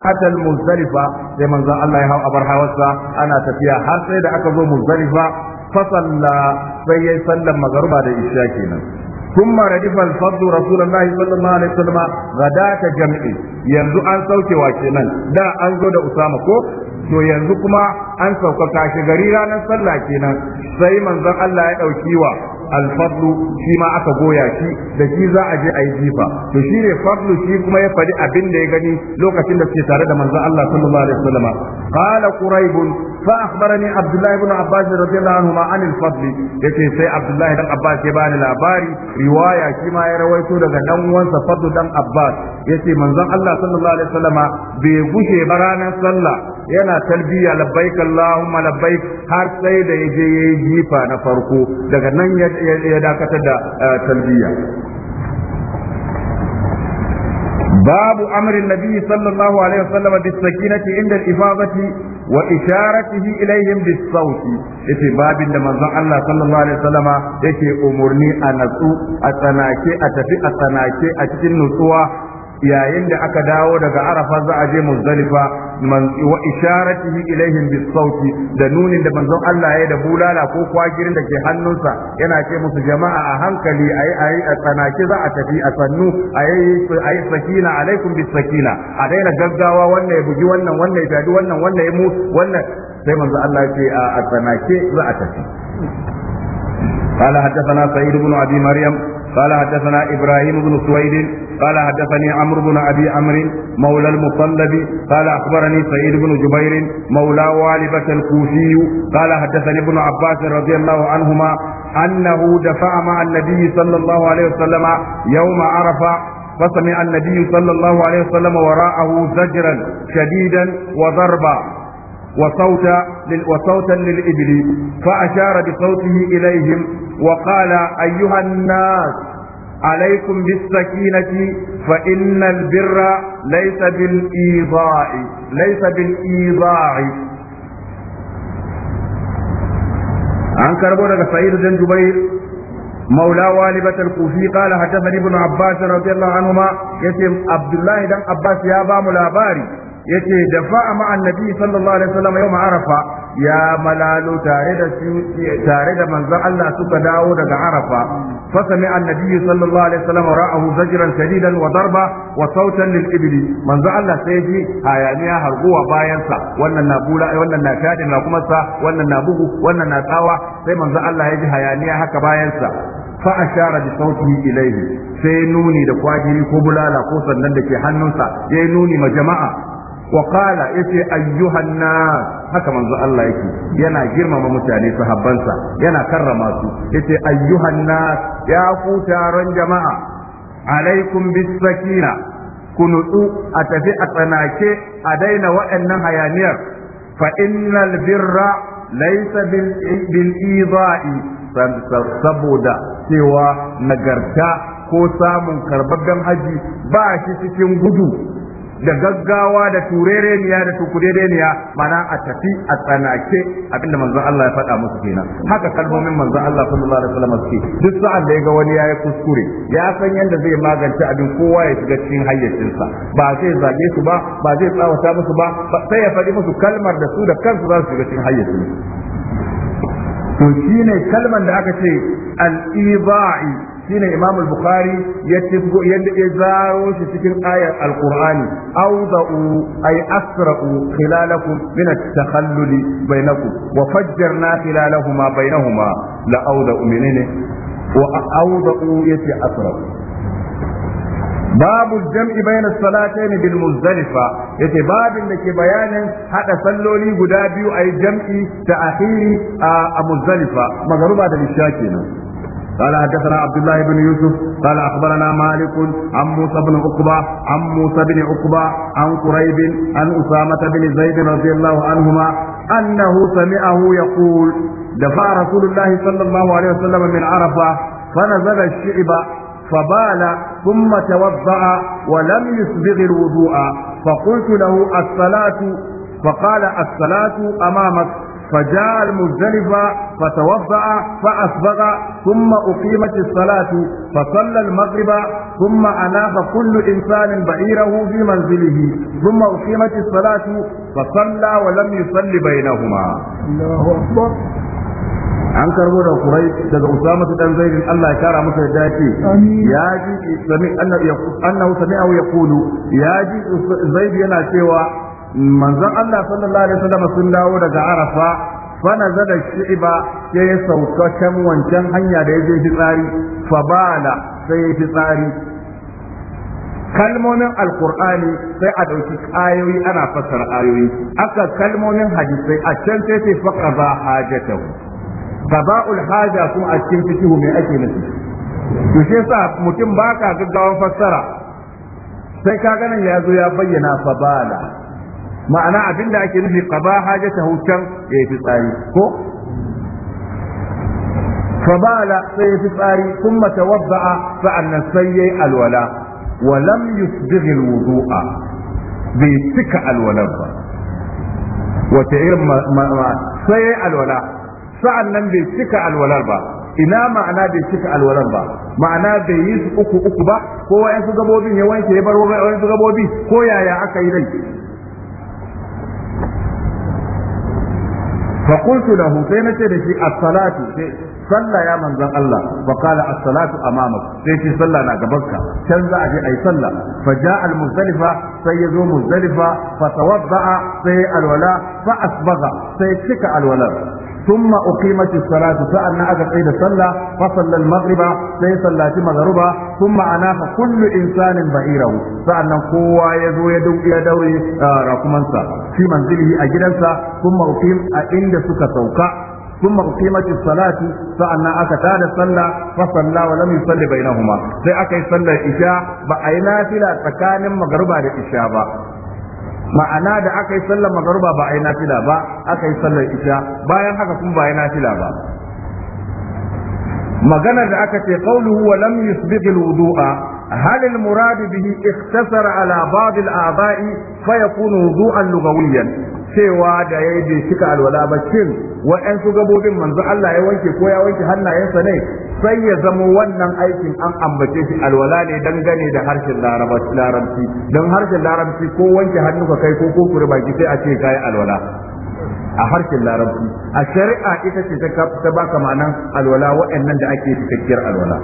hatal muzdalifa sai manzon Allah ya hau abar hawarsa ana tafiya har sai da aka zo muzdalifa fa salla sai yayi sallan magruba da isha kenan ثم ردف الفضل رسول الله صلى الله عليه وسلم غداة جمع yanzu an sauke wa kenan da an zo da Usama ko to yanzu kuma an sauka kashi gari ranar sallah kenan sai manzon Allah ya ɗauki wa alfadlu shi ma aka goya shi da shi za a je a yi jifa to shi ne fadlu shi kuma ya faɗi abin da ya gani lokacin da suke tare da manzon Allah sallallahu alaihi wasallam qala quraib fa akhbarani abdullah ibn abbas radiyallahu anhu ma an alfadl yace sai abdullah ibn abbas ya bani labari riwaya shi ma ya rawaito daga dan uwansa fadlu dan abbas yace manzon Allah sallallahu alaihi wasallam bai gushe ba ranar sallah yana talbiya labbaik Allahumma labbaik har sai da ya je yayi jifa na farko daga nan ya dakatar da eh, talbiya babu amrin nabi sallallahu alaihi wasallam bis sakinati inda al-ifadati wa isharatihi ilaihim bis sauti yace babin da manzon Allah sallallahu alaihi wasallam yake umurni a natsu a tsanake a tafi a tsanake a cikin nutsuwa yayin da aka dawo daga arafa za a je muzdalifa wa isharatihi ilaihim bis sauti da nunin da manzon Allah ya da bulala ko kwagirin da ke hannunsa yana ce musu jama'a a hankali ayi ayi a tsanaki za a tafi a sannu ayi ayi sakina alaikum bis sakina a daina gaggawa wannan ya bugi wannan wannan ya tadi wannan wannan ya mu wannan sai manzon Allah ya ce a tsanake za a tafi قال حدثنا سعيد بن ابي مريم قال حدثنا ابراهيم بن سويد قال حدثني عمرو بن ابي عمرو مولى المصلب قال اخبرني سعيد بن جبير مولى والبة الكوفي قال حدثني ابن عباس رضي الله عنهما انه دفع مع النبي صلى الله عليه وسلم يوم عرفه فسمع النبي صلى الله عليه وسلم وراءه زجرا شديدا وضربا وصوتا وصوتا للإبل فأشار بصوته إليهم وقال أيها الناس عليكم بالسكينة فإن البر ليس بالإيضاع ليس بالإيضاع عن كربو سعيد بن جبير مولى والبة الكوفي قال حدثني ابن عباس رضي الله عنهما يتم عبد الله بن عباس يا بام لاباري yace da fa'a ma annabi sallallahu alaihi wasallam yau arafa ya malalu tare da tare da manzon Allah suka dawo daga arafa fa sami annabi sallallahu alaihi wasallam ra'ahu zajran shadidan wa darba wa sautan lil ibli manzon Allah sai ji hayaniya harguwa bayan sa wannan na bula wannan na shadi na kuma sa wannan na bugu wannan na tsawa sai manzon Allah ya ji hayaniya haka bayan sa fa ashara bi sautihi ilayhi sai nuni da kwajiri ko bulala ko sannan da ke hannunsa yayi nuni ma jama'a wa qala yace ayyuhan nas haka manzo Allah yake yana girmama mutane sahabbansa yana karrama su yace ayyuhan nas ya ku taron jama'a alaikum bis sakina ku nutsu a tafi a tsanake a daina waɗannan hayaniyar fa birra laysa bil idai saboda cewa nagarta ko samun karbabben hajji, ba shi cikin gudu da gaggawa da turereniya da tukurereniya mana a tafi a tsanake abinda manzon Allah ya faɗa musu kenan haka kalmomin manzon Allah sallallahu alaihi wasallam suke duk sa'an da ya ga wani yayi kuskure ya san yadda zai magance abin kowa ya shiga cikin hayyacinsa ba zai zage su ba ba zai tsawata musu ba sai ya faɗi musu kalmar da su da kansu za su shiga cikin hayyacinsu to shine kalmar da aka ce al-ibai shine Imam al-Bukhari ya tisgo yadda ya zaro shi cikin ayar al-Qur'ani awza'u ay asra'u khilalakum min at-takhalluli bainakum wa fajjarna khilalahuma bainahuma la awza'u minene wa awza'u yati asra'u باب الجمع بين الصلاتين بالمزدلفة yace babin da ke bayanin hada salloli guda biyu a yi jam'i ta ahiri a muzdalifa magaruba da isha kenan قال حدثنا عبد الله بن يوسف قال اخبرنا مالك عن موسى بن عقبة عن موسى بن عقبة عن قريب عن أسامة بن زيد رضي الله عنهما أنه سمعه يقول دفع رسول الله صلى الله عليه وسلم من عرفة فنزل الشعب فبال ثم توضأ ولم يسبغ الوضوء فقلت له الصلاة فقال الصلاة أمامك فجاء المزدلفة فتوضأ فأسبغ ثم أقيمت الصلاة فصلى المغرب ثم أناف كل إنسان بعيره في منزله ثم أقيمت الصلاة فصلى ولم يصل بينهما الله أكبر an karbo da kurai daga usama su dan zaidin Allah ya kara masa yadda dace, ya ji sami annahu sami'ahu yaqulu ya ji zaid yana cewa manzon Allah sallallahu alaihi wasallam sun dawo daga Arafa fa nazala shi'ba ya sauka kan wancan hanya da ya je fitsari fa bala sai ya fitsari kalmomin alkur'ani sai a ɗauki ayoyi ana fassara ayoyi aka kalmomin hadisai a can sai sai faqa ba hajatahu qada'ul haja kuma a cikin fikihu mai ake nufi to shi sa mutum baka gaggawan fassara sai ka ganin ya zo ya bayyana fa bala ma'ana abin da ake nufi qaba hajata hutan ya fi tsari ko fabala sai ya fi tsari kuma tawabba'a sa'annan sai yayi alwala wa lam yusbighi alwudu'a bai cika alwala ba wata irin sai ya yi alwala sa'annan bai cika alwalar ba ina ma'ana bai cika alwalar ba ma'ana bai yi su uku uku ba ko wa'yansu gabobin ya wanke ya bar wa'yansu gabobi ko yaya aka yi rai? fa qultu lahu sai da shi as-salatu sallah ya manzon Allah fa qala as-salatu amamak sai ce sallah na gabanka can za a je ayi sallah fa ja'a al-muzdalifa sai ya zo muzdalifa fa tawadda'a sai alwala fa asbagha sai cika alwalar. ثم أقيمت الصلاة فأنا أجل عيد صلى فصلى المغرب سي صلاة مغربا ثم أناف كل إنسان بعيره فأنا قوة يدو يدو يدوي رقمنسا في منزله أجلنسا ثم أقيم عند سكة سوكا ثم أقيمت الصلاة فأنا أكتاد صلى فصلى ولم يصلي بينهما سي أكي صلى الإشاء بأينا فلا تكان مغربا لإشاء ma'ana da aka yi sallar magaruba ba a yi nafila ba aka yi sallar isha bayan haka kuma ba a yi nafila ba maganar da aka ce qawluhu wa lam yusbigh al halin هل bihi به اختصر abai faya الأعضاء فيكون وضوءا لغويا cewa da ya yi bai alwala ba shin su gabobin manzo Allah ya wanke ko ya wanke hannayensa ne sai ya zama wannan aikin an ambace shi alwala ne dangane da harshen larabci don harshen larabci ko wanke hannu ka kai ko ko baki sai a ce kai alwala a harshen larabci a shari'a ita ce ta baka ma'anan alwala waɗannan da ake cikakkiyar alwala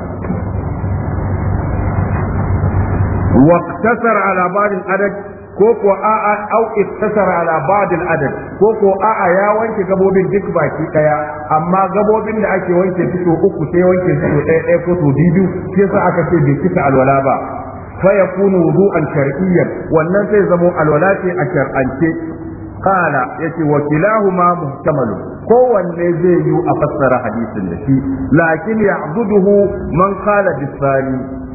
ala ba'd al-adad ko ko a'a au istasara ala ba'd adad ko ko a'a ya wanke gabobin duk baki daya amma gabobin da ake wanke fito uku sai wanke fito ɗaya ɗaya ko to biyu sai sa aka ce bai kisa alwala ba fa yakunu wudu'an shar'iyyan wannan sai zamo alwala ce a shar'ance qala yace wa kilahuma ko kowanne zai yi a fassara hadisin da shi lakin ya'buduhu man qala bisani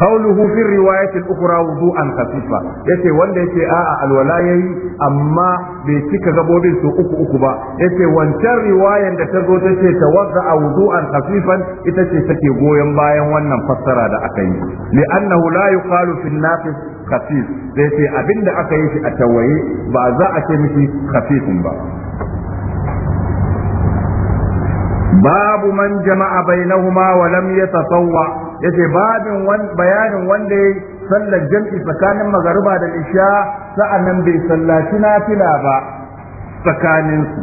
qawluhu fi ukura al-ukhra wudu'an khafifa yace wanda yace a'a alwala yayi amma bai cika gabobin su uku uku ba yace wancan riwayan da ta zo ta ce tawadda'a wudu'an khafifan ita ce take goyon bayan wannan fassara da aka yi li'annahu la yuqalu fi an-naqis khafif da yace abinda aka yi shi a tawaye ba za a ce mishi khafifun ba babu man jama'a bainahuma wa lam yatatawwa yace babin bayanin wanda yayi sallar jam'i tsakanin magariba da isha sa'annan bai sallaci nafila ba tsakanin su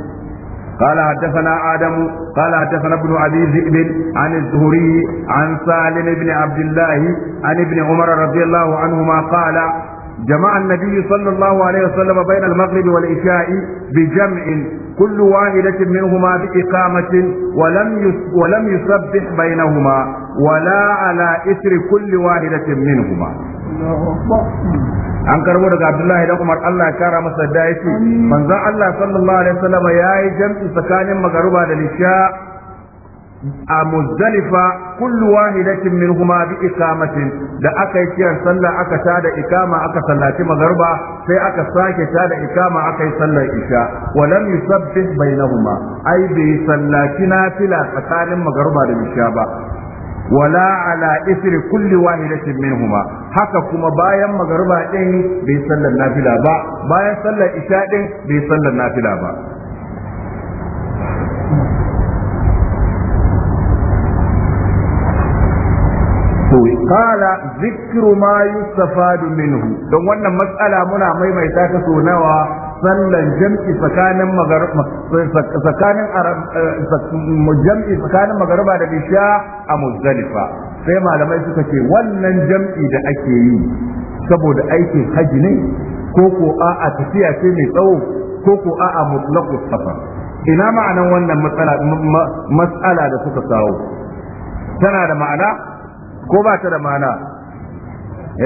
قال حدثنا آدم قال حدثنا ابن أبي ذئب عن الزهري عن سالم بن عبد الله عن ابن عمر رضي الله عنهما قال جمع النبي صلى الله عليه وسلم بين المغرب والعشاء بجمع كل واحدة منهما بإقامة ولم ولم يسبح بينهما wala ala isri kulli wahidatin منهما an karbo daga Abdullahi da Umar Allah ya kara masa da yake manzon Allah sallallahu alaihi wasallam yayi jam'i tsakanin magaruba da lisha a muzdalifa kullu wahidatin minhuma bi ikamatin da aka yi kiran sallah aka tada ikama aka sallaci magarba sai aka sake da ikama aka yi sallar isha wa lam yusabbih bainahuma ai bai sallaci nafila tsakanin magarba da lisha ba wala ala isri kulli wahidatin minhuma haka kuma bayan magariba ɗin bai sallar nafila ba bayan sallar isha din bai sallar nafila ba to qala zikru ma yustafadu minhu don wannan matsala muna maimaita ta nawa sallan jam'i tsakanin magarba tsakanin eh, jam'i tsakanin magarba da isha a muzdalifa sai malamai suka ce wannan jam'i da ake yi saboda aikin haji ne ko ko a tafiya ce mai tsawo ko ko a mutlaqus safa ina ma'anan wannan matsala da suka kawo tana da ma'ana ko ba ta da ma'ana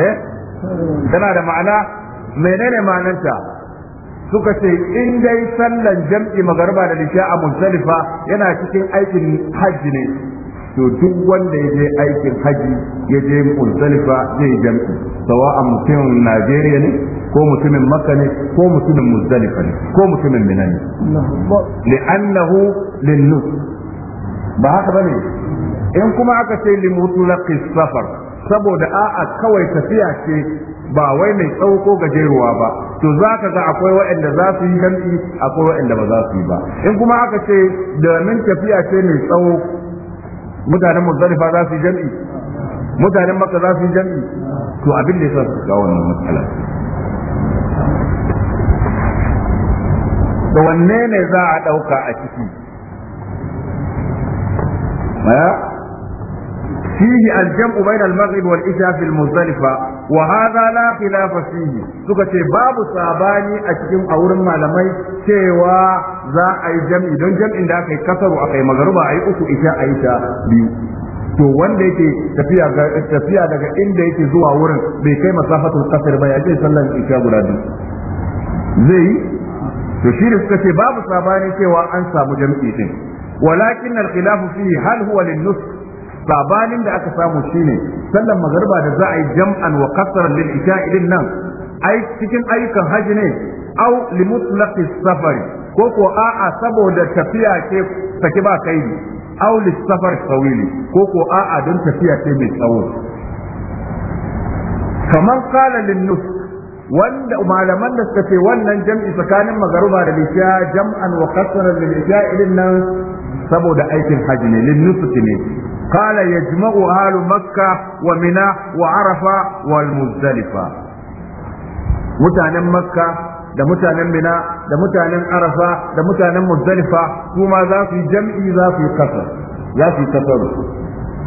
eh tana da ma'ana menene ma'anarta? suka ce in dai sallan jam'i magarba da lisha a muzdalifa yana cikin aikin hajji ne to duk wanda ya je aikin hajji ya je muzdalifa zai jam'i a mutumin Najeriya ne ko mutumin Makka ne ko mutumin muzdalifa ne ko mutumin Mina ne li'annahu linnus ba haka bane in kuma aka ce limutlaqis safar saboda a'a kawai tafiya ce ba wai mai tsawo gajeruwa ba to za ka ga akwai waɗanda za su yi jam'i akwai waɗanda ba za su yi ba in kuma aka ce da domin tafiya ce mai tsawo mutanen muzdalifa za su yi jam'i mutanen maka za su yi jam'i to abin da yasa suka ga wannan matsala da wanne ne za a ɗauka a ciki eh? فيه الجمع بين المغرب والعشاء في المزدلفة وهذا لا خلاف فيه سكتي باب صاباني أتكم أورم مالمي شيوا ذا أي جمع دون جمع ذاك كسر أخي مغربا أي أكو إشاء إشاء بيو to wanda yake tafiya tafiya daga inda yake zuwa wurin bai kai masafatul qasr ba ya je sallan isha guda biyu zai to shi suka ce babu sabani cewa an samu jam'i din walakin al-khilafu fihi hal huwa lin sabanin da aka samu shine sallan magariba da za a yi jam'an wa qasr lil isha'i din nan ai cikin ayyukan haji ne au li mutlaqi safari ko ko a'a saboda tafiya ce take ba kai ne au li safar tawili ko ko a'a don tafiya ce mai tsawo kamar kala lin nus wanda malaman da suka ce wannan jam'i tsakanin magaruba da lisha jam'an wa qasran lil irin nan saboda aikin haji ne lin ne قال يجمع أهل مكة ومنى وعرفة والمزدلفة متانا مكة da mutanen mina da mutanen arafa da mutanen muzdalifa kuma za su yi jam'i za su yi kasar za su yi kasar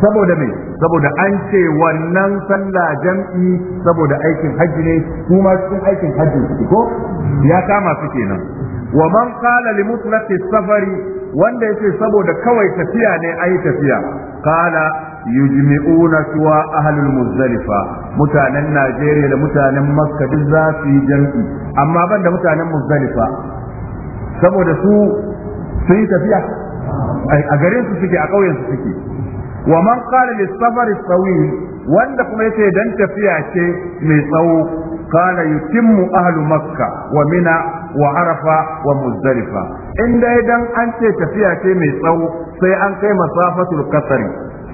saboda me saboda an ce wannan sallah jam'i saboda aikin hajji ne kuma cikin aikin hajji ko ya kama su kenan wa man qala li mutlaqi safari wanda yake saboda kawai tafiya ne ai tafiya kala yujmi'una suwa ahlul muzdalifa mutanen Najeriya da mutanen Makka duk za su yi jam'i amma ban da mutanen muzdalifa saboda su sun yi tafiya a garin su suke a ƙauyen su suke wa man qala lis-safar tawil wanda kuma yace dan tafiya ce mai tsawo qala yutimmu ahlu makka wa mina wa arafa wa muzdalifa in dai dan an ce tafiya ce mai tsawo sai an kai masafatul kasari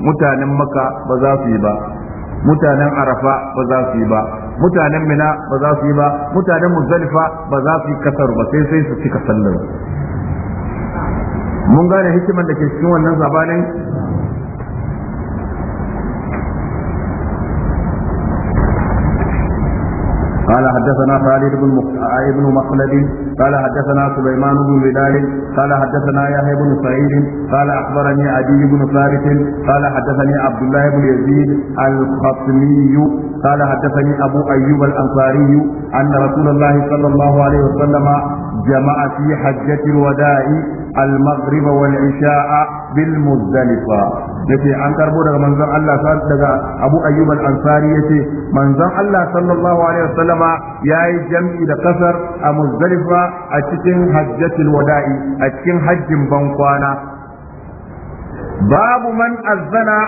mutanen maka ba za su yi ba mutanen arafa ba za su yi ba mutanen mina ba za su yi ba mutanen muzalifa ba za su yi kasar ba sai sai su cika sallar mun gane hikimar da ke cikin wannan zabanin قال حدثنا خالد بن ابن مخلد قال حدثنا سليمان بن بلال قال حدثنا يحيى بن سعيد قال اخبرني عدي بن ثابت قال حدثني عبد الله بن يزيد الخطمي قال حدثني ابو ايوب الانصاري ان رسول الله صلى الله عليه وسلم جمع في حجه الوداع المغرب والعشاء بالمزدلفة yace an karbo daga manzon Allah daga Abu Ayyub al-Ansari ce, manzon Allah sallallahu alaihi wasallama yayi jam'i da ƙasar a Muzdalifa a cikin hajjatul wada'i a cikin hajjin bankwana babu man azzana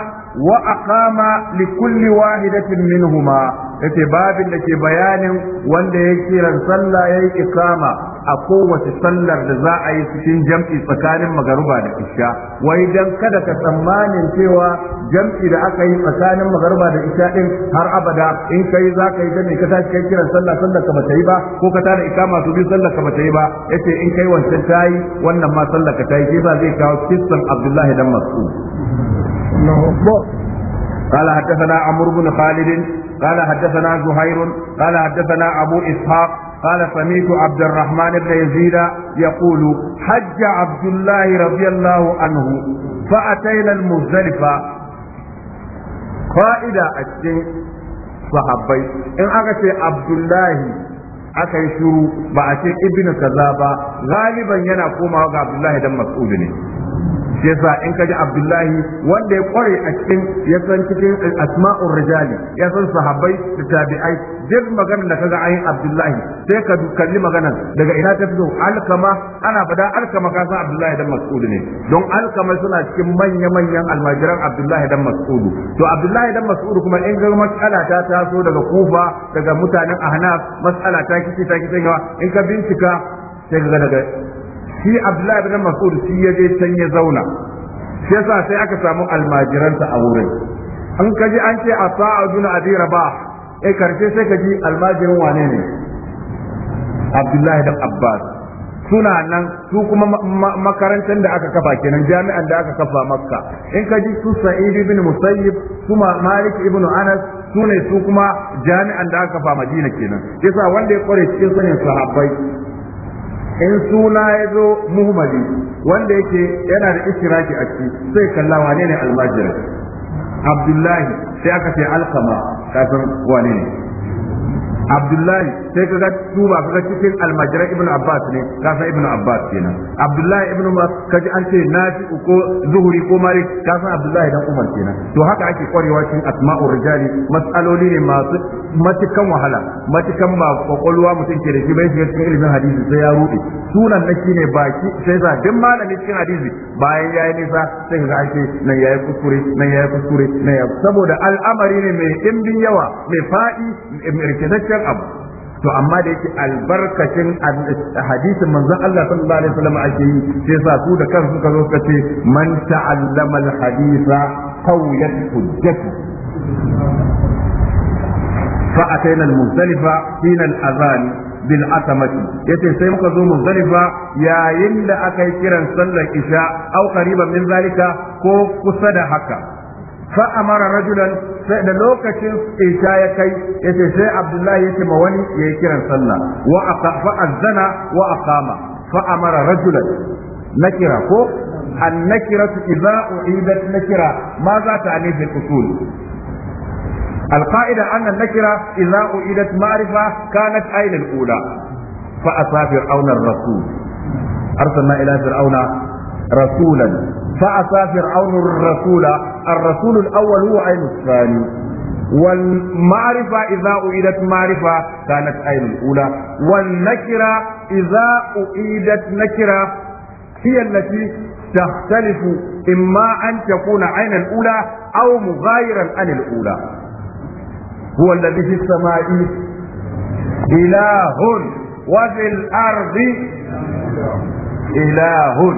wa aqama li kulli wahidatin minhuma yace babin da ke bayanin wanda ya kiran sallah yayi ikama a kowace sallar da za a yi cikin jam'i tsakanin magaruba da isha wai dan kada ka tsammanin cewa jam'i da aka yi tsakanin magaruba da isha din har abada in kai za ka yi da ne ka tashi kai kiran sallah sallar ka bata yi ba ko ka da ikama to biyu sallar ka bata yi ba yace in kai wancan tayi wannan ma sallar ka tayi ba zai kawo kissan Abdullahi dan Mas'ud قال حدثنا عمرو بن خالد قال حدثنا زهير قال حدثنا أبو إسحاق قال سمعت عبد الرحمن بن يزيد يقول حج عبد الله رضي الله عنه فأتينا المزدلفة قائدة أتين صحابي إن أغتي عبد الله aka yi shuru ba a ce ibnu kaza ba galiban yana komawa ga abdullahi dan mas'ud ne yasa in ka ji abdullahi wanda ya kware a cikin ya san cikin eh, asma'ur rijali ya san sahabbai da tabi'ai duk maganar da kaga ayin abdullahi sai ka kalli maganar daga ina ta fito alkama ana fada alkama ka san abdullahi dan mas'ud ne don alkama suna cikin manya manyan almajiran abdullahi dan mas'ud to abdullahi dan mas'ud kuma in ga matsala ta taso daga kufa daga mutanen ahnaf matsala ta kici ta kici in ka bincika sai ka ga daga shi abdullahi ibn mas'ud shi ya je can ya zauna shi yasa sai aka samu almajiransa a wurin an kaji an ce a sa'a bin abi ba, eh karshe sai kaji almajirin wane ne abdullahi ibn abbas suna nan su kuma makarantar da aka kafa kenan jami'an da aka kafa makka in kaji su sa'id ibn musayyib su malik ibn anas su ne su kuma jami'an da aka kafa madina kenan yasa wanda ya kware cikin sanin sahabbai in suna ya zo muhammadi wanda yake yana da ishiraki a ciki sai kalla wane ne almajirai abdullahi sai aka ce alkama kafin wane ne abdullahi sai kaga duba kaga cikin almajiran ibnu abbas ne ka san ibnu abbas kenan abdullahi ibnu abbas kaji an ce nafi ko zuhuri ko malik ka abdullahi dan umar kenan to haka ake kwarewa cikin asma'ur rijali mas'aloli ne masu matukan wahala matukan ma kwakwalwa mutum ke da shi bai shiga cikin ilimin hadisi sai ya rude sunan na shine baki sai sa duk malami cikin hadisi bayan yayi nisa sai ga an ce nan yayi kuskure nan yayi kuskure nan yayi saboda al'amari ne mai dimbin yawa mai fa'i mai ingantaccen abu to amma da yake albarkacin hadisin manzon Allah sallallahu alaihi wasallam ake yi sai sa su da kansu ka zo ka ce man ta'allama al-haditha qawlat hujjatu fa ataina al-muzdalifa hina bil atamati yace sai muka zo muzdalifa yayin da aka yi kiran sallar isha au qariban min zalika ko kusa da haka fa amara rajulan sai da lokacin isha ya kai yace sai abdullahi yace ma wani ya yi kiran sallah wa aqafa azana wa aqama fa rajulan nakira ko النكرة إذا أعيدت نكرة ماذا تعني في الأصول؟ القاعدة أن النكرة إذا أعيدت معرفة كانت أين الأولى فأتى فرعون الرسول أرسلنا إلى فرعون رسولا فعصى فرعون الرسول الرسول الأول هو عين الثاني والمعرفة إذا أعيدت معرفة كانت عين الأولى والنكرة إذا أعيدت نكرة هي التي تختلف إما أن تكون عين الأولى أو مغايرا عن الأولى هو الذي في السماء إله وفي الأرض إله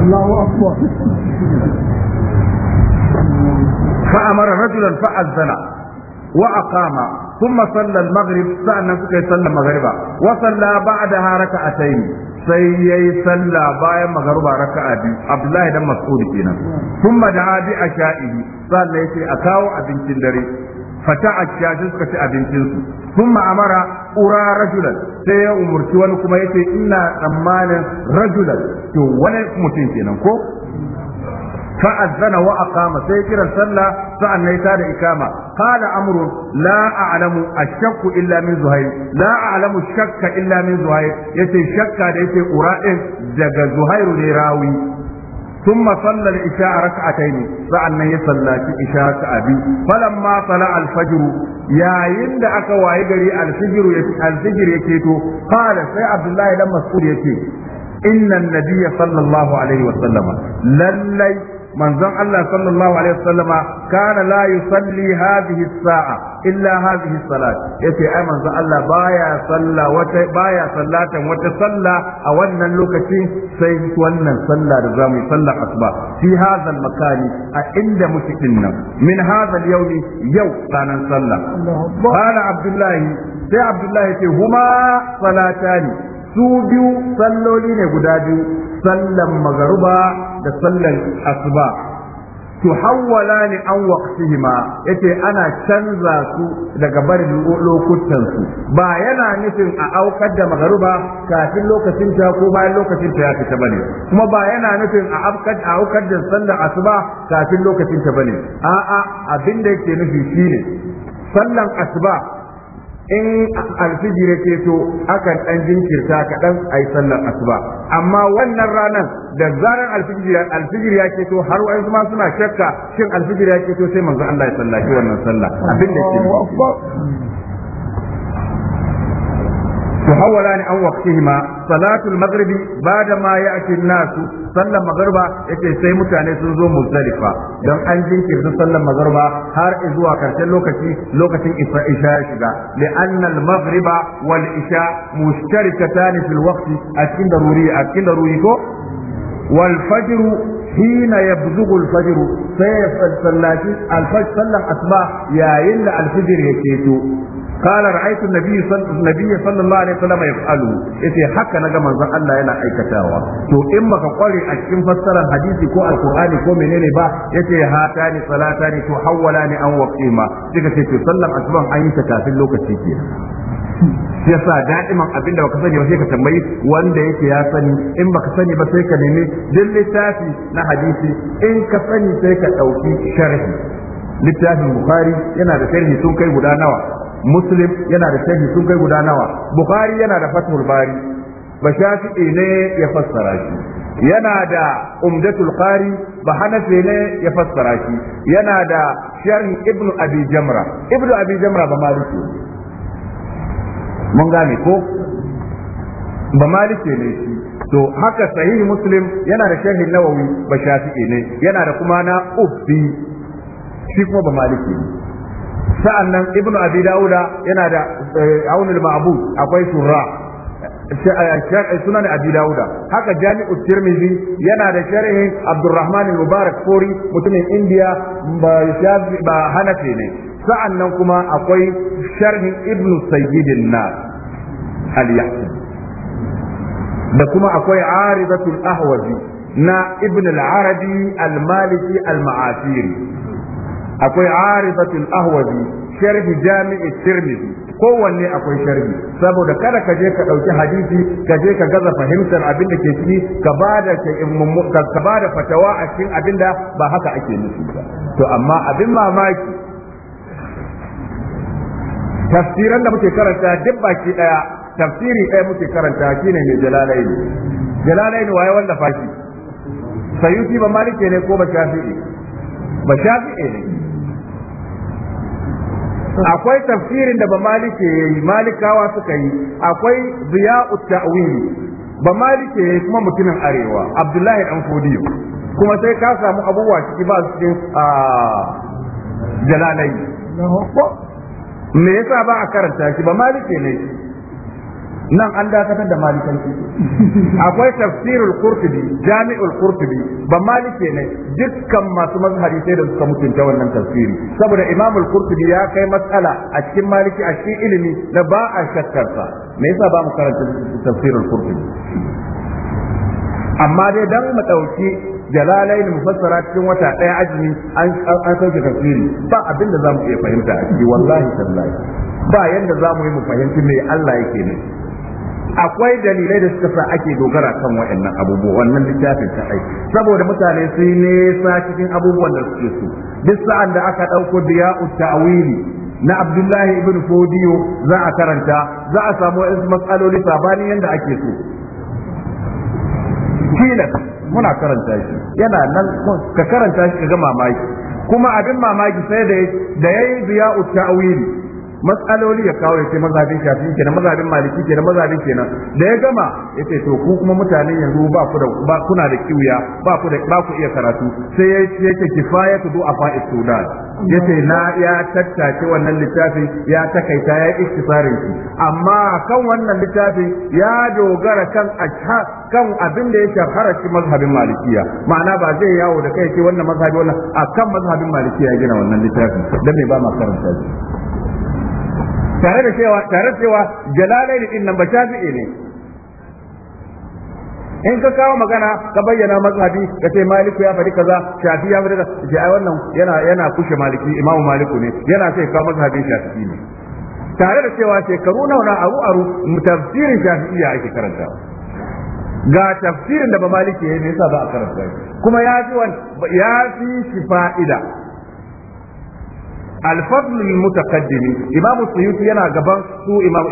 الله أكبر فأمر رجلا فأذن وأقام ثم صلى المغرب سألنا سكي صلى المغرب وصلى بعدها ركعتين sai ya yi sallah bayan magaruba raka'a biyu abdullahi dan mas'ud kenan kuma da abi a sha'ihi sannan yace a kawo abincin dare Fata fata'a suka ci abincin su kuma amara ura rajulan sai ya umurci wani kuma yace ina tsammanin rajulan to wani mutum kenan ko fa wa'akama, sai kiran sallah sa'annai ta da ikama qala amrun la a'lamu ashakku illa min zuhayr la a'lamu shakka illa min zuhayr yace shakka da yace ura din daga Zuhairu ne rawi ثم صلى العشاء ركعتين فأن يصلى العشاء ركعتين فلما طلع الفجر يا يند أكا وايغري الفجر يكي الفجر يكيتو قال سي عبد الله لما مسعود يكي إن النبي صلى الله عليه وسلم للي manzon Allah sallallahu alaihi wasallama kana la yusalli hadhihi sa'a illa hadhihi salat yace ai manzon Allah baya salla wata baya sallatan wata salla a wannan lokaci sai wannan salla da zamu yi sallar asuba fi hadha makani a inda muke dinnan min hadha al-yawmi yau ranar sallah qala abdullahi sai abdullahi yace huma salatani su biyu salloli ne guda biyu sallan magaruba da sallar asuba ni an waqtihima yace ana canza su daga barin lokutan su ba yana nufin a aukar da magruba kafin lokacin ta ko bayan lokacin ta ya fita bane kuma ba yana nufin a a aukar da sallar asuba kafin lokacin ta bane a'a abin da yake nufi shine sallar asuba in alfijir ke to akan dan jinkirta kaɗan a yi sallar asuba amma wannan ranar da zarar alfijir ya to har wa'ansu ma suna shakka shin alfijir ya to sai manzo Allah ya sallaki wannan sallah abin da ke تحولان عن وقتهما صلاة المغرب بعد ما يأتي الناس صلى المغرب يتي سي متاني سنزو مزدلفة دم أنجين كيف صلى المغرب هار إزوا كرشن لوكتي لوكتي إشاء شدا لأن المغرب والإشاء مشتركتان في الوقت أكين ضروري أكين ضروري والفجر حين يبزغ الفجر سيف الفلاحين الفجر صلى الأصباح يا إلا الفجر يكيتو قال رأيت النبي صلى النبي صلى الله عليه وسلم يفعله yace haka naga manzon Allah yana aikatawa to in baka kware a cikin fassarar hadisi ko alqur'ani ko menene ba ya hatani salatani to hawwalani an waqima kika ce to sallan asuban an yi ta kafin lokaci ke yasa da'iman abin baka sani ba sai ka tambayi wanda yake ya sani in baka sani ba sai ka nemi duk littafi na hadisi in ka sani sai ka ɗauki sharhi littafin bukhari yana da sharhi sun kai guda nawa muslim yana da sharhi sun kai guda nawa bukhari yana da fathul bari ba shafi ne ya fassara shi yana da umdatul qari hanafi ne ya fassara shi yana da sharhi ibn abi jamra ibn abi jamra ba maliki mun gane ko ba maliki ne shi to haka sahihi muslim yana da sharhi nawawi shafi ne yana da kuma na ubbi shi kuma ba maliki ne sa'annan ibnu abi dauda yana da eh, aunul ma'abu, akwai surra eh, eh, sunan abi dauda haka jami'u tirmizi yana da sharhin abdurrahman mubarak fori mutumin indiya ba hanafi ne sa'annan kuma akwai sharhin ibnu sayyidin nas al da kuma akwai aridatul ahwazi na ibn al-arabi al-maliki al-ma'asiri akwai arifatul ahwazi sharhi jami'i tirmidhi kowanne akwai sharhi saboda kada ka je ka dauki hadisi ka je ka gaza fahimtar abin da ke ciki ka bada ka da fatawa a cikin abin da ba haka ake nufi ba to amma abin mamaki tafsiran da muke karanta duk baki daya tafsiri ɗaya muke karanta shine mai jalalain jalalain waye wanda fashi sayyidi ba malike ne ko ba shafi'i ba shafi'i ne akwai tafsirin da ba malike yayi malikawa suka yi akwai ziya ta'wili ba malike yayi kuma mutumin arewa abdullahi dan fodiyo kuma sai ka samu abubuwa ciki ba cikin jalalai me yasa ba a karanta shi ba malike ne nan an dakatar da malikanci akwai tafsirul qurtubi jami'ul qurtubi ba malike ne dukkan masu mazhabi sai da suka mutunta wannan tafsiri saboda imamul qurtubi ya kai matsala a cikin maliki a cikin ilimi da ba a shakkarsa me yasa ba mu karanta tafsirul qurtubi amma dai dan mu dauki mu fassara cikin wata daya ajini an an sauke tafsiri ba abin da zamu iya fahimta a ciki wallahi tallahi ba yanda zamu yi mu fahimci me Allah yake ne akwai dalilai da suka sa ake dogara kan waɗannan abubuwa wannan littafin ta aiki saboda mutane su yi nesa cikin abubuwan da suke so duk sa'an da aka ɗauko diya'u ta'wili na Abdullahi ibn Fodiyo za a karanta za a samu wasu matsaloli sabanin yadda ake so tilas muna karanta shi yana nan ka karanta shi ka ga mamaki kuma abin mamaki sai da yayi diya'u ta'wili matsaloli ya kawo mazabin shafi ke kenan mazabin maliki ke mazabin ke nan da ya gama ya ce to ku kuma mutanen yanzu ba ku da ba kuna da kiwiya ba ku da ba ku iya karatu sai yace fa du'afa ya ce na ya tattace wannan littafin ya takaita ya iktisarin shi amma kan wannan littafin ya dogara kan kan abin da ya shahara shi mazhabin malikiya ma'ana ba zai yawo da kai ce wannan mazhabi wannan akan mazhabin malikiya ya gina wannan littafin dan me ba ma karanta shi tare da cewa tare da cewa jalalaini din nan ba shafi'i ne in ka kawo magana ka bayyana mazhabi ka ce maliku ya faɗi kaza shafi ya faɗi kaza ji ai wannan yana yana kushe maliki imamu maliku ne yana sai ka mazhabi shafi'i ne tare da cewa shekaru nawa na aru aru shafi'i ya ake karanta. ga tafsirin da ba maliki ya yi, yasa ba a karanta kuma ya fi ya fi shi fa'ida al-fadl al-mutaqaddim imam suyuti yana gaban su imam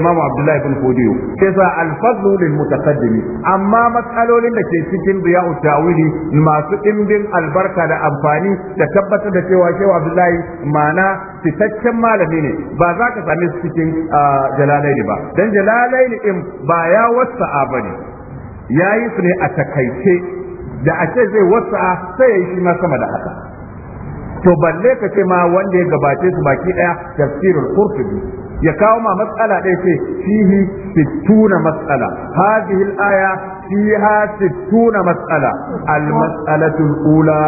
imam abdullahi ibn fodiyo sai sa al-fadl al amma matsalolin da ke cikin riya'u tawili masu dimbin albarka da amfani da tabbatar da cewa shehu abdullahi mana fitaccen malami ne ba za ka same su cikin jalalaini ba dan jalalaini in ba ya wasa'a bane yi su ne a takaice da a ce zai wasa'a sai ya yi shi sama da haka to balle ka ce ma wanda ya gabace su baki daya tafsirul qurtubi ya kawo ma matsala ɗaya ce fihi sittuna matsala hadhihi al-aya fiha sittuna matsala al-mas'alatu al-ula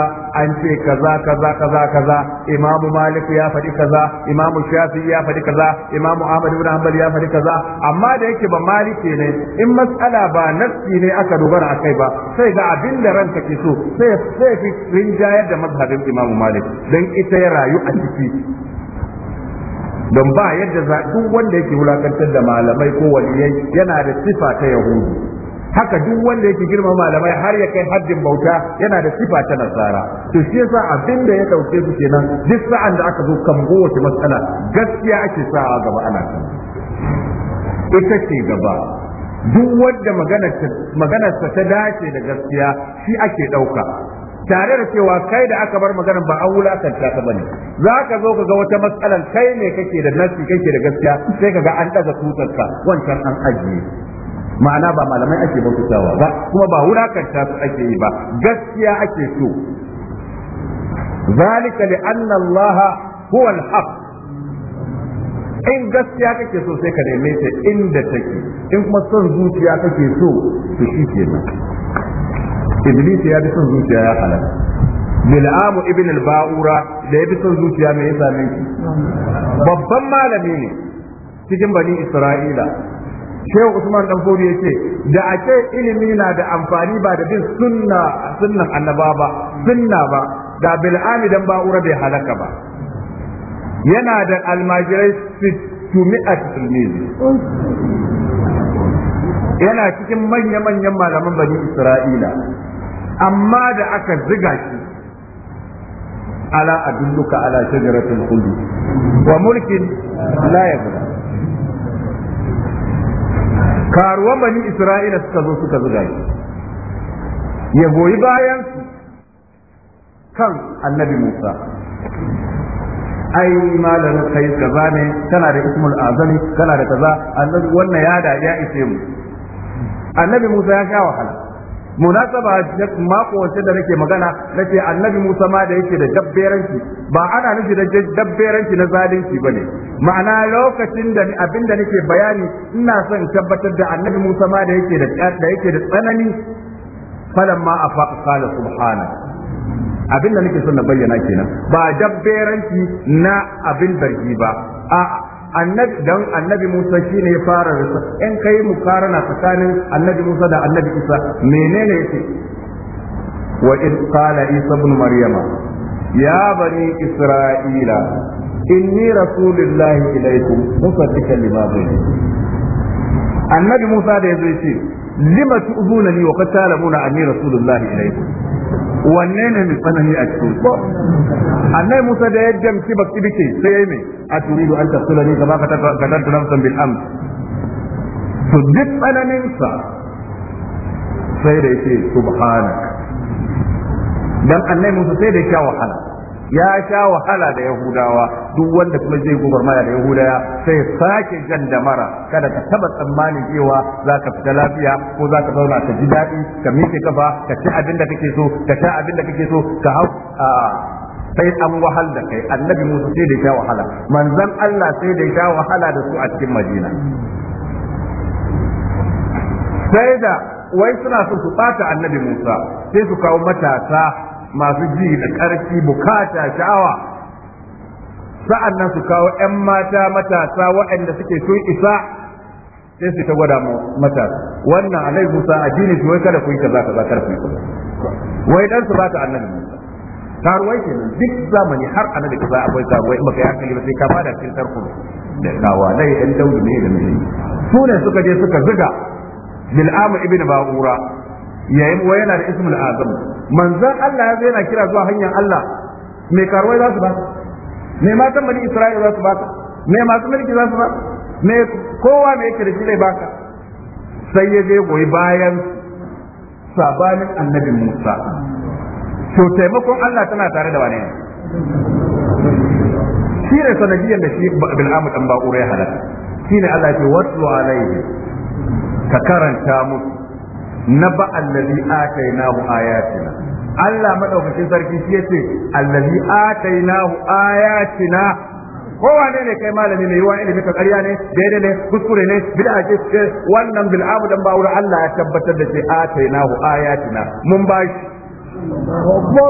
an ce kaza kaza kaza kaza imam malik ya faɗi kaza imam shafi ya faɗi kaza imam ahmad ibn hanbal ya faɗi kaza amma da yake ba malike ne in mas'ala ba nafsi ne aka dogara akai ba sai ga abin da ranka ke so sai sai fi rinjayar da mazhabin imam malik dan ita ya rayu a ciki don ba yadda za duk wanda yake wulakantar da malamai ko waliyai yana da sifa ta yahudu haka duk wanda yake girma malamai har ya kai haddin bauta yana da sifa ta nasara to shi yasa abin da ya dauke su kenan duk sa'an da aka zo kan kowace matsala gaskiya ake sa'a gaba ana kan ita ce gaba duk wanda maganarsa ta dace da gaskiya shi ake ɗauka tare da cewa kai da aka bar maganar ba an wulakanta ta bane za ka zo ka ga wata matsalar kai ne kake da nasi kake da gaskiya sai ka ga an daga tutar ka wancan an ajiye ma'ana ba malamai ake bautawa ba kuma ba wulakanta su ake yi ba gaskiya ake so ذلك لأن الله هو haq in gaskiya kake so sai ka neme ta inda take in kuma son zuciya kake so to shi kenan iblis ya bi son zuciya ya halaka bil'amu ibn al-ba'ura da ya bi son zuciya mai yasa babban malami ne cikin bani isra'ila shehu usman dan fodi yace da ake ilimi na da amfani ba da bin sunna sunnan annaba ba sunna ba da bil'ami dan ba'ura bai halaka ba yana da almajirai 600 tilmizi yana cikin manya-manyan malaman bani isra'ila amma da aka ziga shi ala adulluka ala shajaratul khuldi wa mulkin la yabla karuwan bani isra'ila suka zo suka ziga shi ya goyi bayan kan annabi musa ai malamin kai kaza ne kana da ismul azali, kana da kaza annabi wannan ya da ya ishe mu annabi musa ya sha wahala munasaba mako wace da nake magana nace annabi Musa ma da yake da dabberanci ba ana nufi da dabberanci na zalunci bane ma'ana lokacin da abinda nake bayani ina son tabbatar da annabi Musa ma da yake da da yake da tsanani falamma afa qala subhana abin da nake son na bayyana kenan ba dabberanci na abin barki ba a annabi dan annabi Musa shine ya fara risa in kai mu karana tsakanin annabi Musa da annabi Isa menene yake wa in qala Isa ibn Maryama ya bani Isra'ila inni rasulullahi ilaikum musaddiqan lima bayni annabi Musa da yazo yace lima tu'zunani wa qad ta'lamuna anni rasulullahi ilaikum wanne ne mai tsanani a cikin annai musa da yadda mu kiba kibike sai yayi yi a turidu an tafsulani gaba ka tattu nafsan bil am to duk tsananinsa sai da yake subhanak dan annai musa sai da ya sha wahala ya sha wahala da yahudawa duk wanda kuma zai gwagwarmaya da yahudaya sai sake jan da mara kada ka taba tsammanin cewa za ka fita lafiya ko za ka zauna ka ji daɗi ka miƙe kafa ka ci abin da kake so ka sha abin da kake so ka hau sai an wahal da kai annabi musu sai da ya wahala manzon Allah sai da ya wahala da su a cikin madina sai da wai suna so su ɓata annabi musa sai su kawo matasa masu ji da ƙarfi bukata sha'awa nan su kawo 'yan mata matasa waɗanda suke sun isa sai su ta gwada matasa wannan alai musa jini su wai kada ku yi kaza kaza kada ku yi kaza wai dan su ba ta annabi musa karuwai ke nan duk zamani har ana da kaza akwai karuwai baka ya kalli ba sai ka da cikin tarko da kawa dai ɗan daudu ne da mai su ne suka je suka zuga bil'amu ibn ba'ura yayin wai yana da ismul azam manzon Allah ya yana kira zuwa hanyar Allah mai karuwai za su ba me matan bani isra'ila za su baka me masu mulki za su baka me kowa me yake da shi zai baka sai ya je goyi bayan sabanin annabi Musa to taimakon Allah tana tare da wane shi ne sanadiyan da shi bil'amu dan ba'ura ya halaka shi ne Allah ya ce wasu alaihi ka karanta musu na ba'al ladhi atainahu ayatina Allah madaukakin sarki shi yace allazi atainahu ayatina kowane ne kai malami mai yiwa ilimi ka ƙarya ne daidai ne kuskure ne bid'a ce wannan bil abudan ba wurin Allah ya tabbatar da ce atainahu ayatina mun ba shi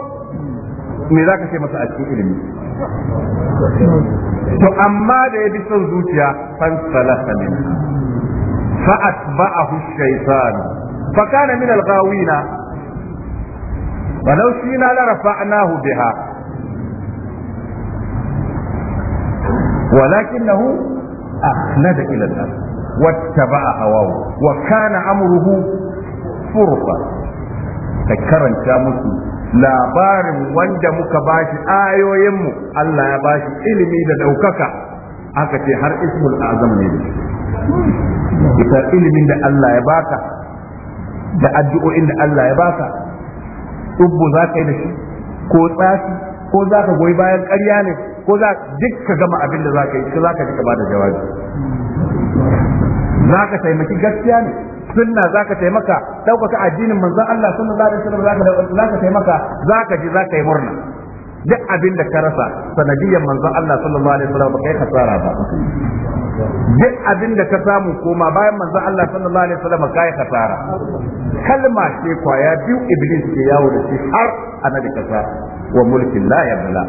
me za ka ce masa a cikin ilimi to amma da ya bi son zuciya fan salasa min fa atba'ahu shaytan fa kana min al-ghawina walau shi na larafa anahu biha walakinahu akhlada ila al-ard wattaba'a hawahu wa kana amruhu furqa ka karanta musu labarin wanda muka bashi ayoyinmu Allah ya bashi ilimi da daukaka aka ce har ismun azam ne da ilimin da Allah ya baka da addu'o'in da Allah ya baka Dubbo za ka yi da shi ko tsafi ko za ka goyi bayan ƙarya ne ko za duk ka gama abin da za ka yi ka za ka ji ba da jawabi za ka taimaki gaskiya ne sunna za ka taimaka ɗaukaka addinin manzon Allah sallallahu za ka taimaka za ka ji za ka yi murna duk abin da ka rasa sanadiyan manzon Allah sallallahu alaihi wasallam ba kai kasara ba duk abin da ka samu koma bayan manzon Allah sallallahu alaihi wasallam kai kasara kalma ce kwaya biyu iblis ke yawo da shi har annabi kasa wa mulkin la yabla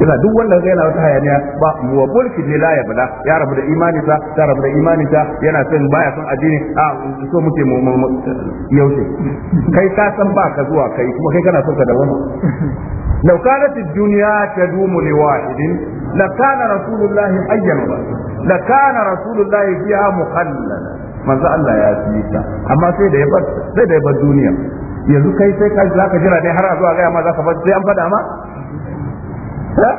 yana duk wanda ga yana wata hayaniya ba mu wa mulki ne la ya yabla ya rabu da imani ta ta rabu da imani ta yana son baya son addini a so muke mu ce. kai ka san ba ka zuwa kai kuma kai kana son ka da wani لو كانت الدنيا تدوم لواحد لكان rasulullahi الله حيا لكان رسول الله فيها مخللا manzo Allah ya fi ta amma sai da ya bar sai da ya bar duniya yanzu kai sai ka za ka jira dai har a zuwa ga ma za ka bar sai an fada ma لا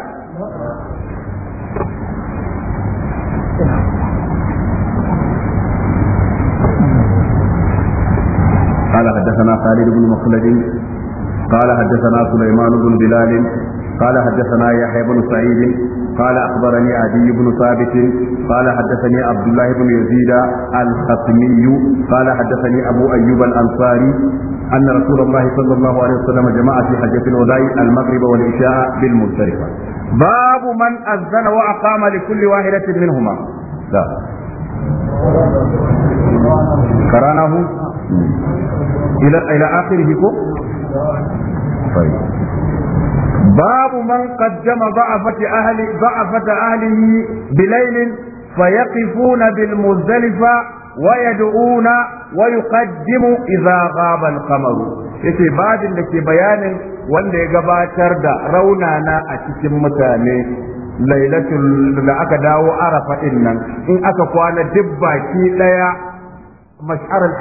قال حدثنا خالد بن مخلد قال حدثنا سليمان بن بلال قال حدثنا يحيى بن سعيد قال اخبرني عدي بن ثابت قال حدثني عبد الله بن يزيد الخصمي قال حدثني ابو ايوب الانصاري أن رسول الله صلى الله عليه وسلم جمع في حجة الوداع المغرب والعشاء بالمزدلفة باب من أذن وأقام لكل واحدة منهما لا قرانه إلى إلى آخره طيب باب من قدم ضعفة أهل ضعفة أهله بليل فيقفون بالمزدلفة ويدعون ويقدم إذا غاب القمر yace babin da ke bayanin wanda ya gabatar da raunana a cikin mutane lailatul da aka dawo arafa din nan in aka kwana duk baki daya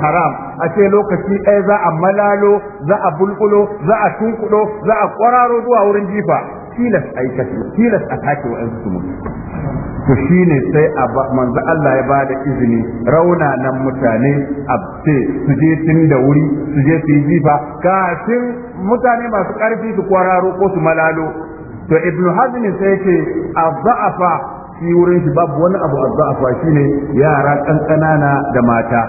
haram a ce lokaci ɗaya za a malalo za a bulbulo za a tunkudo za a kwararo zuwa wurin jifa tilas aikata tilas a take wa'ansu mu. to shine sai a manzo Allah ya bada izini rauna nan mutane a ce su je tun da wuri su je su yi jifa kafin mutane masu karfi su kwararo ko su malalo to ibn hazm sai ce azza'afa shi wurin shi babu wani abu azza'afa shine yara kankanana da mata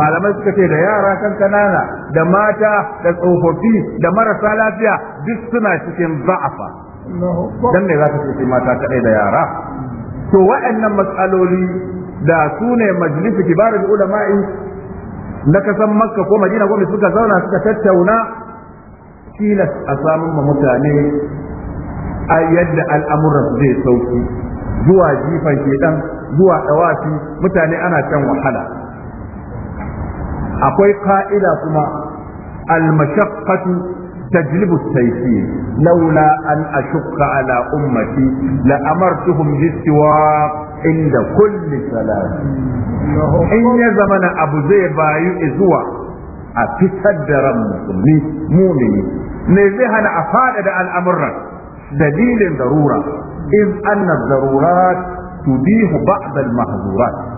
malamai suka ce da yara kankanana da mata da tsofaffi da marasa lafiya duk suna cikin za'afa dan me za ka ce mata kadai da yara to wa'annan matsaloli da su ne majalisu kibarul ulama'i na kasan makka ko madina ko suka zauna suka tattauna Kila a samun ma mutane a yadda al'amuran zai sauki zuwa jifan kedan zuwa dawafi mutane ana can wahala akwai ka'ida kuma al-mashaqqatu تجلب التيسير لولا أن أشق على أمتي لأمرتهم بالسواق عند كل سلام إن يزمن أبو زيد بايو إزوا أتكدر المسلمين مؤمنين نزهن أفادة الأمر دليل ضرورة إذ أن الضرورات تبيح بعض المحظورات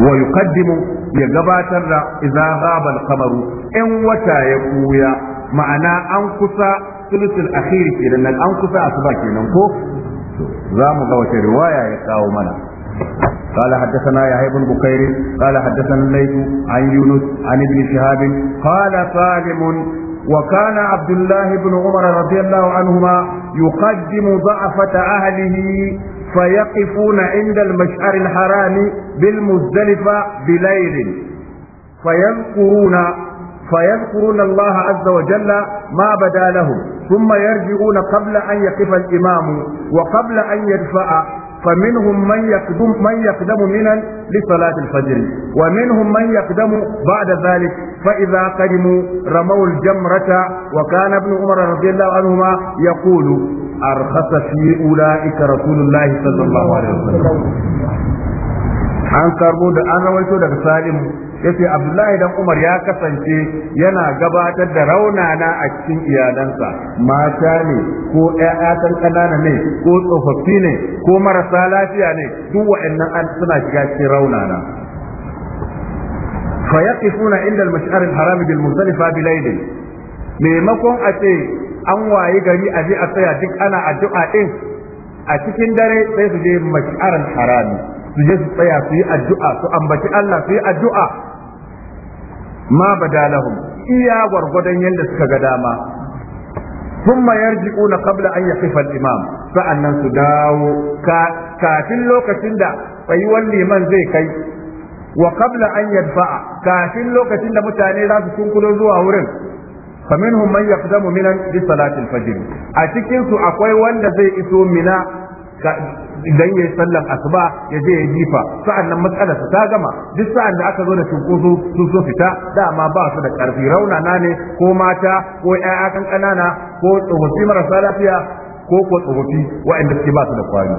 ويقدم ya gabatar da idza kamaru, yan in wata ya kuya ma'ana an kusa sulusul akhir kenan an kusa asuba kenan ko za mu ga wace riwaya ya kawo mana قال حدثنا يحيى بن بكير قال حدثنا الليث عن يونس عن ابن شهاب قال سالم وكان عبد الله بن عمر رضي الله عنهما يقدم ضعفة أهله فيقفون عند المشعر الحرام بالمزدلفة بليل فيذكرون فيذكرون الله عز وجل ما بدا لهم ثم يرجعون قبل أن يقف الإمام وقبل أن يدفع فمنهم من يقدم من يقدم منا لصلاة الفجر ومنهم من يقدم بعد ذلك فإذا قدموا رموا الجمرة وكان ابن عمر رضي الله عنهما يقول arkhasa fi ulaika rasulullahi sallallahu alaihi wasallam an karbo da an rawaito daga salim yace abdullahi dan umar ya kasance yana gabatar da raunana a cikin iyalansa mata ne ko ƴaƴatan ƙanana ne ko tsofaffi ne ko marasa lafiya ne duk wa'annan an suna shiga cikin raunana فيقفون عند المشعر الحرام بالمزدلفة بليل maimakon a an waye gari a je a tsaya duk ana addu'a din a cikin dare sai su je mashi'aran harami su je su tsaya su yi addu'a su ambaci Allah su yi addu'a ma badalahum iya gwargwadon yadda suka ga dama ثم يرجعون قبل أن يقف الإمام فأنا سداو كافل لو كسندا فيولي liman zai kai. wa kabla an yadfa'a kafin lokacin da mutane za su kunkulo zuwa wurin فمنهم من يقدم منا لصلاة الفجر أتكين سو أقوي وان زي إسو منا idan ya sallan asuba ya je ya jifa sa'annan matsala su ta gama duk sa'an da aka zo da cunkoso su so fita dama ba su da karfi raunana ne ko mata ko ƴaƴa kan ƙanana ko tsofaffi marasa lafiya ko ko tsofaffi waɗanda suke ba su da kwari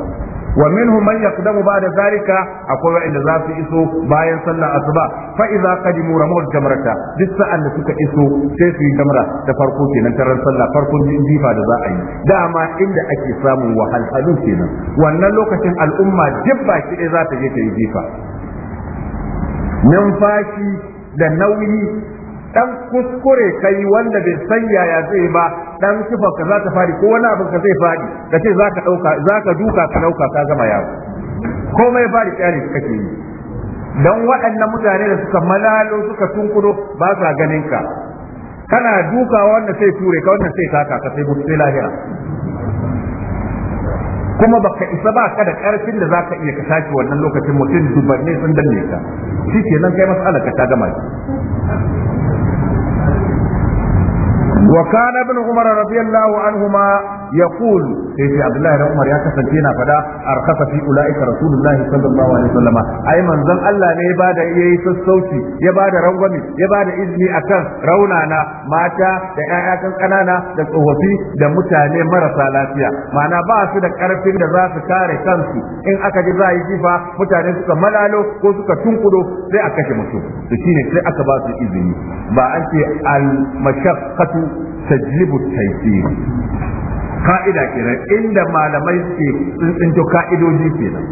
wa minhum man yaqdamu ba'da zalika akwai waɗanda za su iso bayan sallar asuba fa idza qadimu ramul jamrata duk sa'an da suka iso sai su yi jamra da farko kenan ran sallah farkon jifa da za a yi dama inda ake samun wahalhalu kenan wannan lokacin al'umma jibba ki za ta je ta yi jifa numfashi da nauyi dan kuskure kai wanda bai san yaya zai ba dan kifa ka za ta fadi ko wani abin ka zai fadi da ce za ka dauka za ka duka ka dauka ka gama yawo komai fadi kyale ke yi dan waɗannan mutane da suka malalo suka tunkuro ba sa ganin ka kana duka wanda sai ture ka wanda sai taka ka sai sai lahira kuma baka isa ba ka da karfin da zaka iya ka tashi wannan lokacin mutum dubanne sun danne ka shi kenan kai mas'alar ka ta gama وكان ابن عمر رضي الله عنهما يقول سيدي عبد الله بن عمر يا كسنتينا فدا أرخص في أولئك رسول الله صلى الله عليه وسلم أي من ذن الله ne ba da iya yi sassauci ya ba da rangwami ya ba da izini akan raunana mata da ƴaƴa ƙanana da tsofaffi da mutane marasa lafiya ma'ana ba su da ƙarfin da za su kare kansu in aka ji za a yi jifa mutane suka malalo ko suka tunkudo sai a kashe mutum to shine sai aka ba su izini ba an ce al mashaqqatu tajlibu taysir ka'ida kenan inda malamai suke tsintsinto ka'idoji kenan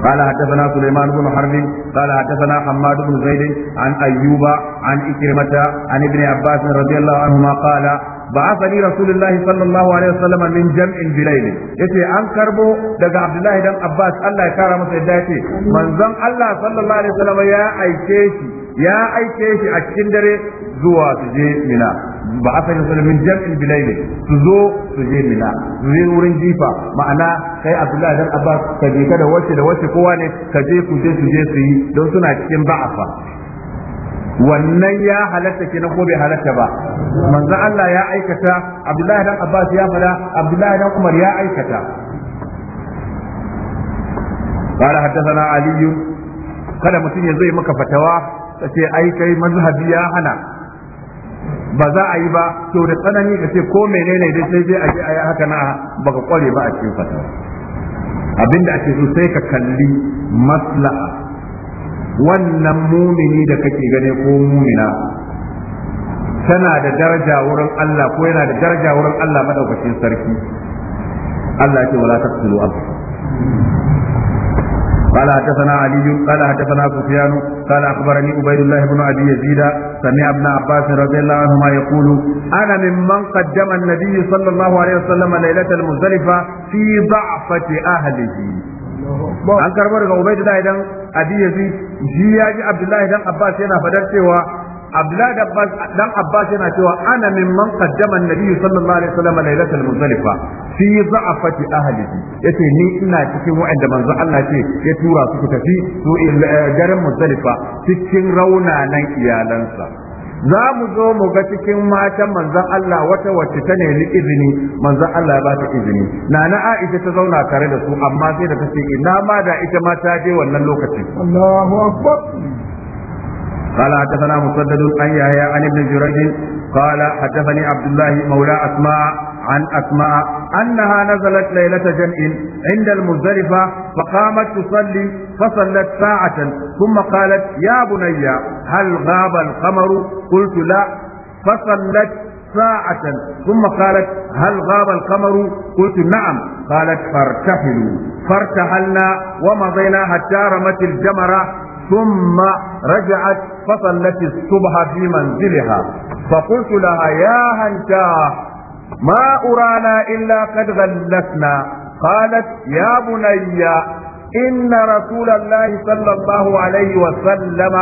قال حدثنا سليمان بن حرب قال حدثنا حماد بن زيد عن أيوب عن إكرمة عن ابن عباس رضي الله عنهما قال بعثني رسول الله صلى الله عليه وسلم من جمع بليل yace an karbo daga Abdullahi dan Abbas Allah ya kara masa yadda yace manzon Allah sallallahu alaihi wasallam ya aike shi ya aike shi a cikin dare zuwa su je Mina ba aka yi min jam'il bilaili su zo su je mina su je wurin jifa ma'ana kai abdullahi dan abbas ka je ka da wace da wace kowa ne ka je ku je su je su yi don suna cikin ba'afa wannan ya halatta ke na ko bai halatta ba manzo Allah ya aikata abdullahi dan abbas ya fada abdullahi dan umar ya aikata قال حدثنا علي kada mutum ya zai maka fatawa kace ai kai mazhabi ya hana ba za a yi ba to da tsanani ka ce ko menene dai sai dai a je a yi haka na ka kware ba a cikin fata abinda ake so sai ka kalli maslaha wannan mumini da kake gane ko mumina tana da daraja wurin Allah ko yana da daraja wurin Allah madaukakin sarki Allah ya ce wala taqtulu قال حدثنا علي قال حدثنا سفيان قال اخبرني عبيد الله بن ابي يزيد سمع ابن عباس رضي الله عنهما يقول انا ممن قدم النبي صلى الله عليه وسلم ليله المزدلفه في ضعفه اهله an karbo daga ubaidullah dan abi yazid shi ya ji abdullahi dan abbas yana fadar cewa Abdullah Abbas dan Abbas yana cewa ana mimman qaddama annabi sallallahu alaihi wasallam lailatul muzdalifa fi za'afati ahlihi yace ni ina cikin wa'anda manzo Allah ce ya tura su tafi su eh, garin muzdalifa cikin raunanan iyalansa za mu zo mu ga cikin matan manzon Allah wata wacce ta nemi izini manzon Allah ya ba ta izini nana Aisha ta zauna tare da su amma sai da ta ce ina ma da ita ma ta je wannan lokacin Allahu akbar قال حدثنا مسدد عن يحيى عن ابن جريج قال حدثني عبد الله مولى اسماء عن اسماء انها نزلت ليله جمع عند المزدلفه فقامت تصلي فصلت ساعه ثم قالت يا بني هل غاب القمر قلت لا فصلت ساعة ثم قالت هل غاب القمر قلت نعم قالت فارتحلوا فارتحلنا ومضينا حتى رمت الجمرة ثم رجعت فصلت الصبح في منزلها فقلت لها يا هنتاح ما أرانا إلا قد غلتنا قالت يا بني إن رسول الله صلى الله عليه وسلم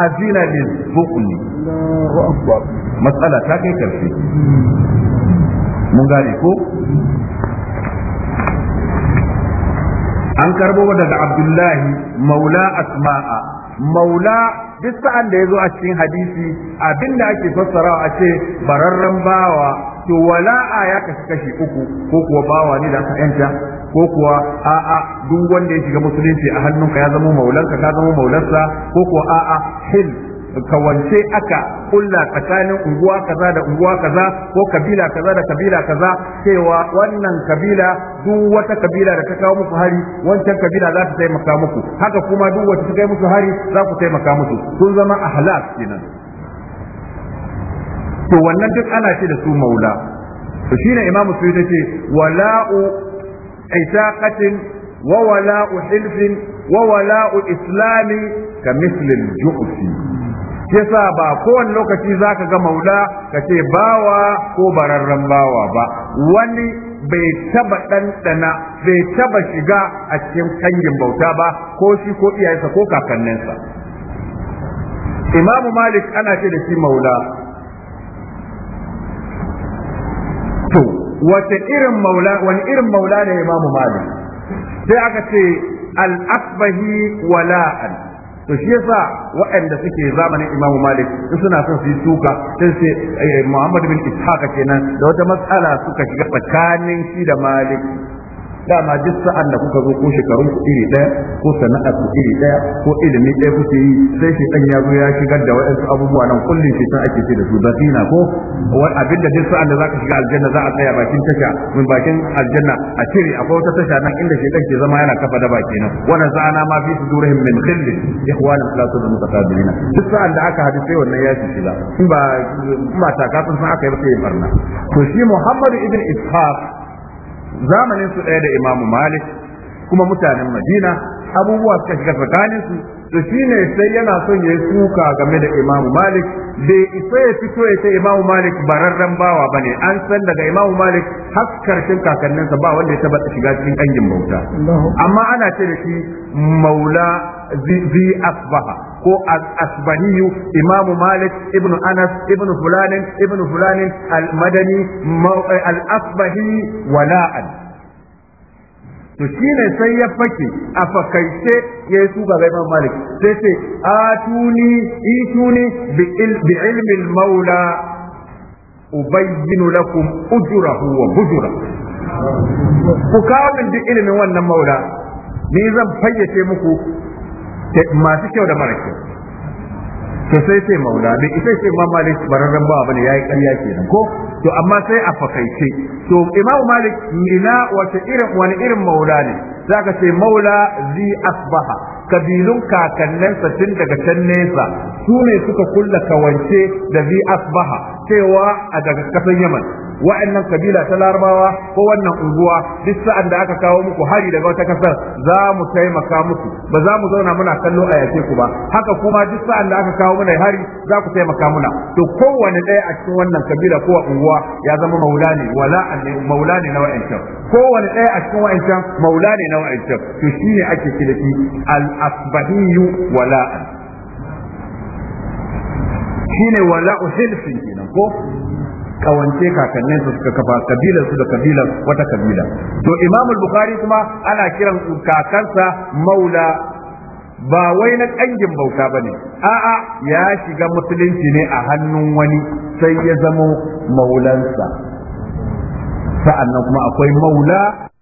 أذن للسؤل الله أكبر مسألة كيف من ذلك an karbo daga abdullahi maula asma'a maula duk sa'an da ya zo a cikin hadisi abinda ake fassarawa a ce bararren bawa to wala'a ya kashi kashi uku ko kuwa bawa ne da aka yanta ko kuwa a'a duk wanda ya shiga musulunci a hannunka ya zama maulanka ka zama maularsa ko kuwa a'a hil kawance aka kulla tsakanin unguwa kaza da unguwa kaza ko kabila kaza da kabila kaza cewa wannan kabila duk wata kabila da ta kawo muku hari wancan kabila za ta taimaka muku haka kuma duk wata ta kai muku hari za ku taimaka musu sun zama ahlak kenan to wannan duk ana ce da su maula to shine imamu su ta ce wala'u itaqatin wa wala'u hilfin wa wala'u islami ka mislil ju'fi yasa ba kowane lokaci za ka ga maula ka ce bawa ko bararren bawa ba wani bai taba ɗanɗana bai taba shiga a cikin kangin bauta ba ko shi ko iyayensa ko kakanninsa imamu malik ana ce da shi maula to wace irin maula wani irin maula ne imamu malik sai aka ce al wala'an to shi yasa waɗanda suke zamanin Imam Malik in suna son su yi tuka, sai sai eh, Muhammad bin Ishaq kenan da wata matsala suka shiga tsakanin shi da Malik dama duk sa'an da kuka zo ko shekarun ku iri daya ko sana'a ku iri daya ko ilimi daya kuke yi sai shi dan ya zo ya shigar da waɗansu abubuwa nan kullum shi san ake ce da su zafina ko abin da duk sa'an da zaka shiga aljanna za a tsaya bakin tasha mun bakin aljanna a cire akwai wata tasha nan inda shi ke zama yana kafa da baki nan wannan za'ana ma fi sudurihim min khilli ikhwanan salatu da mutaqabilina duk sa'an da aka hadu sai wannan ya shiga in ba ba ta kafin sun aka yi ba sai barna to shi Muhammadu ibn Ishaq zamanin su ɗaya da imamu malik kuma mutanen madina abubuwa suka shiga tsakanin su to shine sai yana son ya suka game da imamu malik bai iso ya fito ya ce imamu malik bararren bawa bane an san daga imamu malik har karshen kakanninsa ba wanda ya taba shiga cikin dangin bauta amma ana ce da shi maula zi asbaha ko al imamu malik ibn anas ibn fulan ibn fulan al-madani eh, al-asbahi wala'an to shine sai ya fake a fakaice ya yi suka ga Imam Malik sai ce atuni ituni bi ilmi maula ubayyinu lakum ujurahu wa bujura ku kawo min duk ilimin wannan maula ni zan fayyace muku masu kyau da mara kyau to sai sai maula bai ita sai ma malik bararren ba bane yayi ƙarya kenan ko to amma sai a fakaice to imam malik ina wace irin wani irin maula ne zaka ce maula zi asbaha kabilun kakannansa tun daga can nesa su ne suka kulla kawance da zi asbaha cewa a daga kasan yaman wa'annan kabila ta larabawa ko wannan unguwa duk sa'an da aka kawo muku hari daga wata kasar za mu taimaka muku ba za mu zauna muna kallo a yake ku ba haka kuma duk sa'an da aka kawo mana hari za ku taimaka muna to kowane ɗaya a cikin wannan kabila ko unguwa ya zama maula ne wala maula ne na wa'ancan kowane ɗaya a cikin wa'ancan maula ne na wa'ancan to shine ake kilafi al-asbahiyyu wala'an shine wala'u hilfin kenan ko kawance kakannin su suka kafa kabilar su da kabilar wata kabila to imam bukhari kuma ana kiran kakansa maula ba wai na kangin bauta bane a'a ya shiga musulunci ne a hannun wani sai ya zamo maulansa sa'annan kuma akwai maula